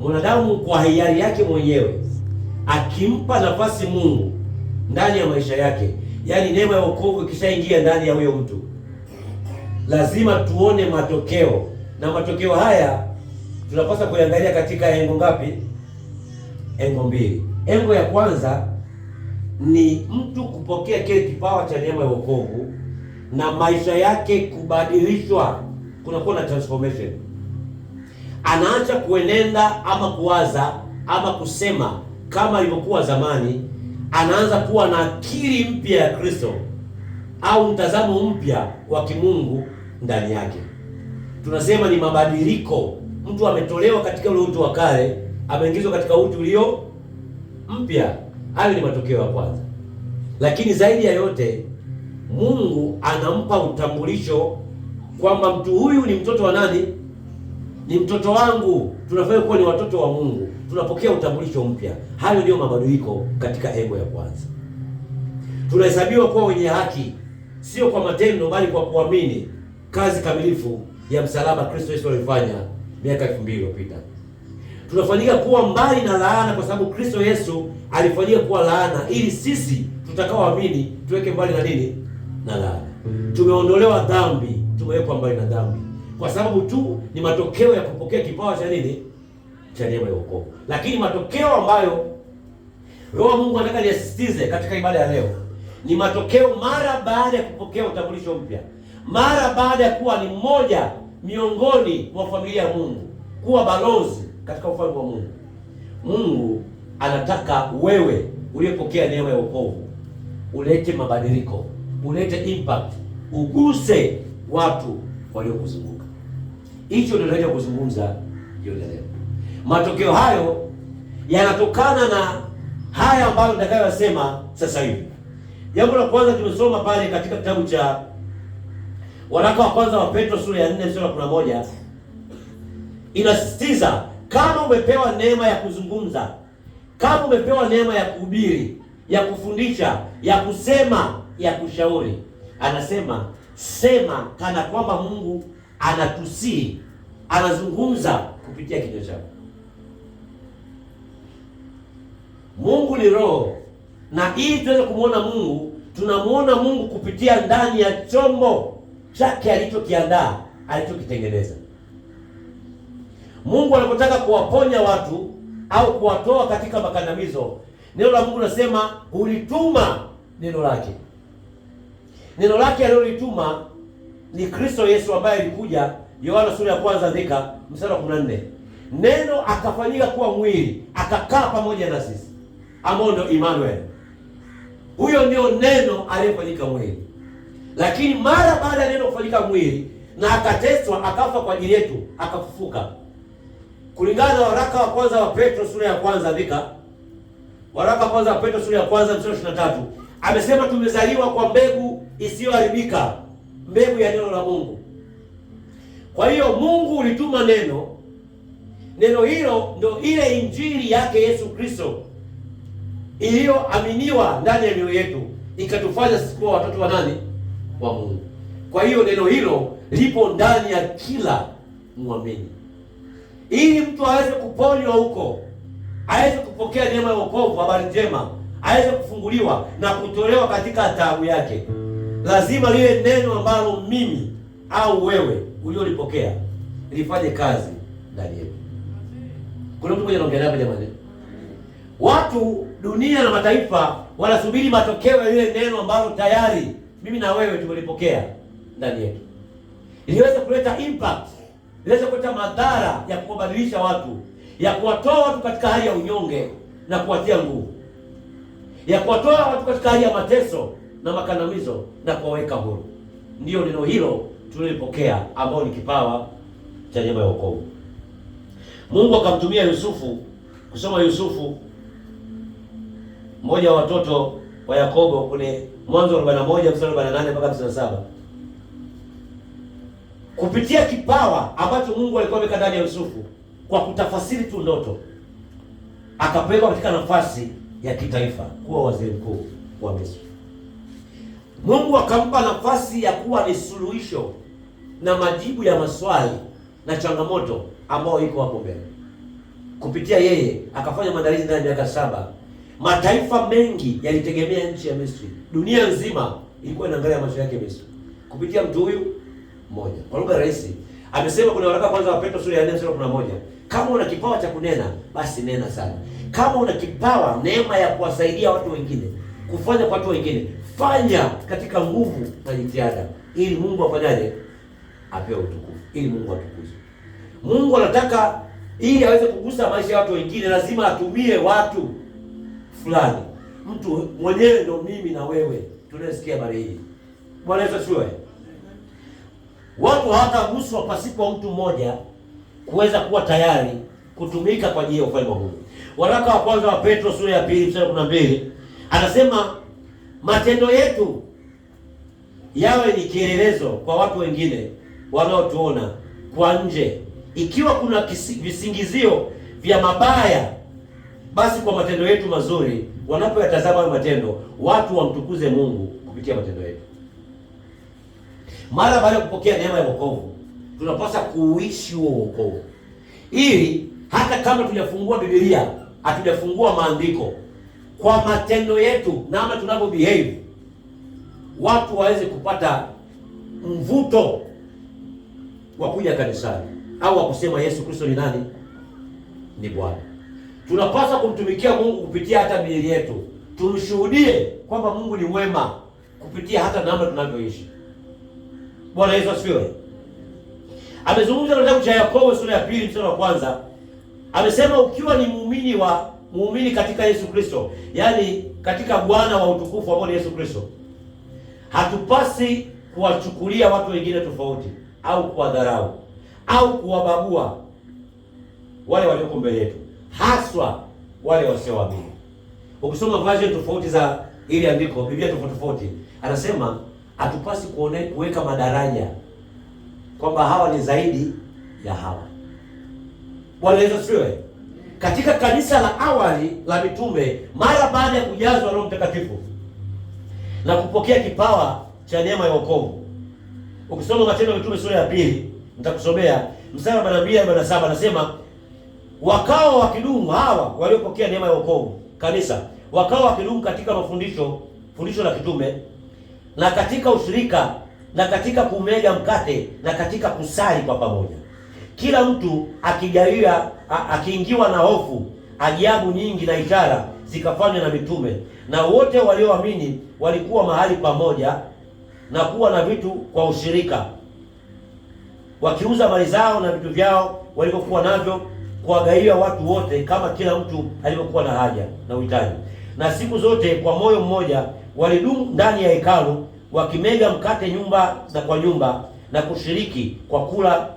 mwanadamu kwa hiari yake mwenyewe akimpa nafasi Mungu ndani ya maisha yake, yaani neema ya wokovu ikishaingia ndani ya huyo mtu, lazima tuone matokeo, na matokeo haya tunapaswa kuangalia katika engo ngapi? Engo mbili. Engo ya kwanza ni mtu kupokea kile kipawa cha neema ya wokovu na maisha yake kubadilishwa, kunakuwa na transformation anaacha kuenenda ama kuwaza ama kusema kama ilivyokuwa zamani, anaanza kuwa na akili mpya ya Kristo au mtazamo mpya wa kimungu ndani yake. Tunasema ni mabadiliko. Mtu ametolewa katika ule utu wa kale, ameingizwa katika utu ulio mpya. Hayo ni matokeo ya kwanza, lakini zaidi ya yote Mungu anampa utambulisho kwamba mtu huyu ni mtoto wa nani? ni mtoto wangu, tunafanya kuwa ni watoto wa Mungu, tunapokea utambulisho mpya. Hayo ndiyo mabadiliko katika hemo ya kwanza. Tunahesabiwa kuwa wenye haki, sio kwa matendo, bali kwa kuamini kazi kamilifu ya msalaba Kristo Yesu alifanya miaka elfu mbili iliyopita. Tunafanyika kuwa mbali na laana kwa sababu Kristo Yesu alifanyika kuwa laana ili sisi tutakaoamini tuweke mbali na nini? Na laana. Tumeondolewa dhambi, tumewekwa mbali na dhambi kwa sababu tu ni matokeo ya kupokea kipawa cha nini, cha neema ya wokovu. Lakini matokeo ambayo Roho Mungu anataka niasisitize katika ibada ya leo ni matokeo mara baada ya kupokea utambulisho mpya, mara baada ya kuwa ni mmoja miongoni mwa familia ya Mungu, kuwa balozi katika ufalme wa Mungu. Mungu anataka wewe uliyepokea neema ya wokovu ulete mabadiliko, ulete impact, uguse watu waliokuzunguka. Hicho ndio naenda kuzungumza jioni leo. Matokeo hayo yanatokana na haya ambayo nitakayosema sasa hivi. Jambo la kwanza tumesoma pale katika kitabu cha waraka wa kwanza wa Petro sura ya 4 sura ya moja inasisitiza kama umepewa neema ya kuzungumza, kama umepewa neema ya kuhubiri, ya kufundisha, ya kusema, ya kushauri, anasema sema kana kwamba Mungu anatusii anazungumza kupitia kinywa chako. Mungu ni roho, na ili tuweze kumwona Mungu tunamwona Mungu kupitia ndani ya chombo chake alichokiandaa, alichokitengeneza. Mungu anapotaka kuwaponya watu au kuwatoa katika makandamizo, neno la Mungu nasema hulituma neno lake. Neno lake aliyolituma ni Kristo Yesu ambaye alikuja Yohana sura ya kwanza andika mstari wa 14. Neno akafanyika kuwa mwili, akakaa pamoja na sisi, ambao ndio Emmanuel. Huyo ndio neno aliyefanyika mwili. Lakini mara baada ya neno kufanyika mwili na akateswa, akafa kwa ajili yetu, akafufuka. Kulingana na waraka wa kwanza wa Petro sura ya kwanza andika waraka wa kwanza wa Petro sura ya kwanza mstari wa 23, amesema tumezaliwa kwa mbegu isiyoharibika, mbegu ya neno la Mungu kwa hiyo Mungu ulituma neno, neno hilo ndio ile injili yake Yesu Kristo iliyoaminiwa ndani ya mioyo yetu ikatufanya sisi kuwa watoto wa nani? Wa Mungu. Kwa hiyo neno hilo lipo ndani ya kila mwamini, ili mtu aweze kuponywa huko, aweze kupokea neema ya wokovu, habari njema, aweze kufunguliwa na kutolewa katika taabu yake, lazima lile neno ambalo mimi au wewe uliolipokea lifanye kazi ndani yetu. Kuna mtu mmoja anaongelea hapa jamani, watu dunia na mataifa wanasubiri matokeo ya lile neno ambalo tayari mimi na wewe tumelipokea ndani yetu, liweze kuleta impact, iliweza kuleta madhara ya kuwabadilisha watu, ya kuwatoa watu katika hali ya unyonge na kuwatia nguvu, ya kuwatoa watu katika hali ya mateso na makandamizo na kuwaweka huru. Ndiyo neno hilo tulipokea ambao ni kipawa cha neema ya wokovu. Mungu akamtumia Yusufu kusoma Yusufu, mmoja wa watoto wa Yakobo, kule Mwanzo wa 41 mstari wa 48 mpaka 57, kupitia kipawa ambacho Mungu alikuwa ameweka ndani ya Yusufu kwa kutafasiri tu ndoto, akapelekwa katika nafasi ya kitaifa kuwa waziri mkuu wa Misri. Mungu akampa nafasi ya kuwa ni suluhisho na majibu ya maswali na changamoto ambayo iko hapo mbele. Kupitia yeye akafanya maandalizi ndani ya miaka saba. Mataifa mengi yalitegemea nchi ya Misri, dunia nzima ilikuwa inaangalia macho yake Misri kupitia mtu huyu mmoja. Kwa lugha rahisi amesema, kuna waraka kwanza wa Petro sura ya 4 mstari wa 11, kama una kipawa cha kunena basi nena sana. Kama una kipawa neema ya kuwasaidia watu wengine, kufanya kwa watu wengine, fanya katika nguvu na jitihada, ili Mungu afanyaje apewe utukufu, ili Mungu atukuzwe. Mungu anataka ili aweze kugusa maisha ya watu wengine, lazima atumie watu fulani, mtu mwenyewe ndo mimi na wewe tunayesikia habari hii. Bwana Yesu asifiwe. Watu hawataguswa pasipo mtu mmoja kuweza kuwa tayari kutumika kwa ajili ya ufalme wa Mungu. Waraka wa kwanza wa Petro sura ya pili mstari kumi na mbili anasema matendo yetu yawe ni kielelezo kwa watu wengine wanaotuona kwa nje. Ikiwa kuna kisi, visingizio vya mabaya, basi kwa matendo yetu mazuri, wanapoyatazama hayo matendo, watu wamtukuze Mungu kupitia matendo yetu. Mara baada ya kupokea neema ya wokovu, tunapaswa kuishi huo wokovu, ili hata kama tujafungua Biblia, hatujafungua maandiko, kwa matendo yetu namna tunavyo behave watu waweze kupata mvuto wa kuja kanisani au wa kusema Yesu Kristo ni nani? Ni Bwana. Tunapaswa kumtumikia Mungu kupitia hata miili yetu, tumshuhudie kwamba Mungu ni mwema kupitia hata namna tunavyoishi. Bwana Yesu asifiwe. Amezungumza na kitabu cha Yakobo sura ya pili mstari wa kwanza, amesema ukiwa ni muumini wa muumini katika Yesu Kristo, yaani katika Bwana wa utukufu ambao ni Yesu Kristo, hatupasi kuwachukulia watu wengine tofauti au kuwadharau au kuwabagua wale walioko mbele yetu, haswa wale wasioamini. Ukisoma version tofauti za ili andiko, Biblia tofauti tofauti, anasema hatupasi kuone kuweka madaraja kwamba hawa ni zaidi ya hawa. Bwana Yesu asifiwe. Katika kanisa la awali la mitume, mara baada ya kujazwa Roho Mtakatifu na kupokea kipawa cha neema ya wokovu Ukisoma Matendo ya Mitume sura ya pili, nitakusomea mstari wa arobaini na saba anasema wakawa wakidumu hawa waliopokea neema ya wokovu kanisa, wakawa wakidumu katika mafundisho, fundisho la kitume na katika ushirika na katika kumega mkate na katika kusali kwa pamoja, kila mtu akijawiwa, akiingiwa na hofu. Ajabu nyingi na ishara zikafanywa na mitume, na wote walioamini walikuwa mahali pamoja na kuwa na vitu kwa ushirika, wakiuza mali zao na vitu vyao walivyokuwa navyo kuwagawia watu wote kama kila mtu alivyokuwa na haja na uhitaji. Na siku zote kwa moyo mmoja walidumu ndani ya hekalu, wakimega mkate nyumba na kwa nyumba, na kushiriki kwa kula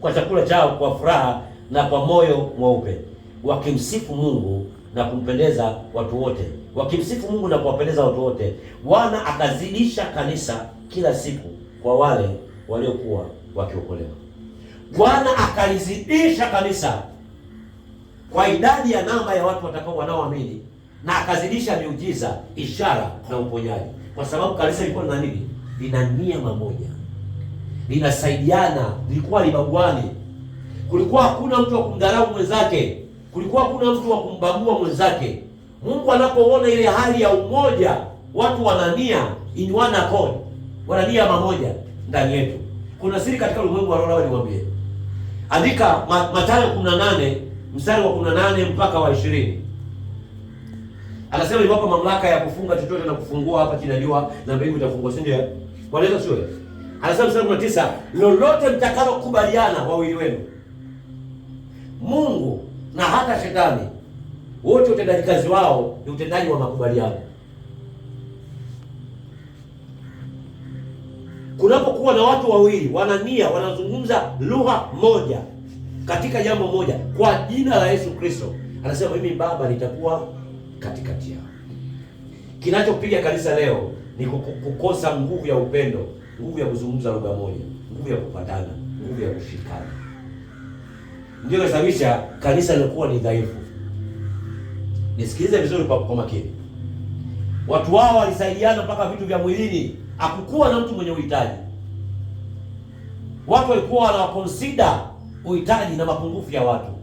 kwa chakula chao kwa furaha na kwa moyo mweupe, wakimsifu Mungu na kumpendeza watu wote, wakimsifu Mungu na kuwapendeza watu wote. Bwana akazidisha kanisa kila siku kwa wale waliokuwa wakiokolewa. Bwana akalizidisha kanisa kwa idadi ya namba ya watu watakao wanaoamini, na akazidisha miujiza, ishara na uponyaji, kwa sababu kanisa lilikuwa lina nini? Lina nia moja, linasaidiana, lilikuwa libaguani, kulikuwa hakuna mtu wa kumdharau mwenzake kulikuwa kuna mtu wa kumbagua mwenzake. Mungu anapoona ile hali ya umoja, watu wanania in one accord, wanania mamoja ndani yetu. Kuna siri katika ulimwengu wa roho, niwaambie. Andika Mathayo 18 mstari wa 18 mpaka wa 20. Anasema iwapo mamlaka ya kufunga chochote na kufungua hapa chini ya jua na mbingu itafungua, si ndio? Bwana sio. Anasema mstari wa 9, lolote mtakalokubaliana wawili wenu Mungu na hata shetani, wote utendaji kazi wao ni utendaji wa makubaliano. Kunapokuwa na watu wawili wanania wanazungumza lugha moja katika jambo moja, kwa jina la Yesu Kristo, anasema mimi Baba nitakuwa katikati yao. Kinachopiga kanisa leo ni kukosa nguvu ya upendo, nguvu ya kuzungumza lugha moja, nguvu ya kupatana, nguvu ya kushikana ndio inasababisha kanisa lilikuwa ni dhaifu. Nisikilize vizuri kwa makini, watu wao walisaidiana mpaka vitu vya mwilini, hakukuwa na mtu mwenye uhitaji. Watu walikuwa wanawaconsider uhitaji na mapungufu ya watu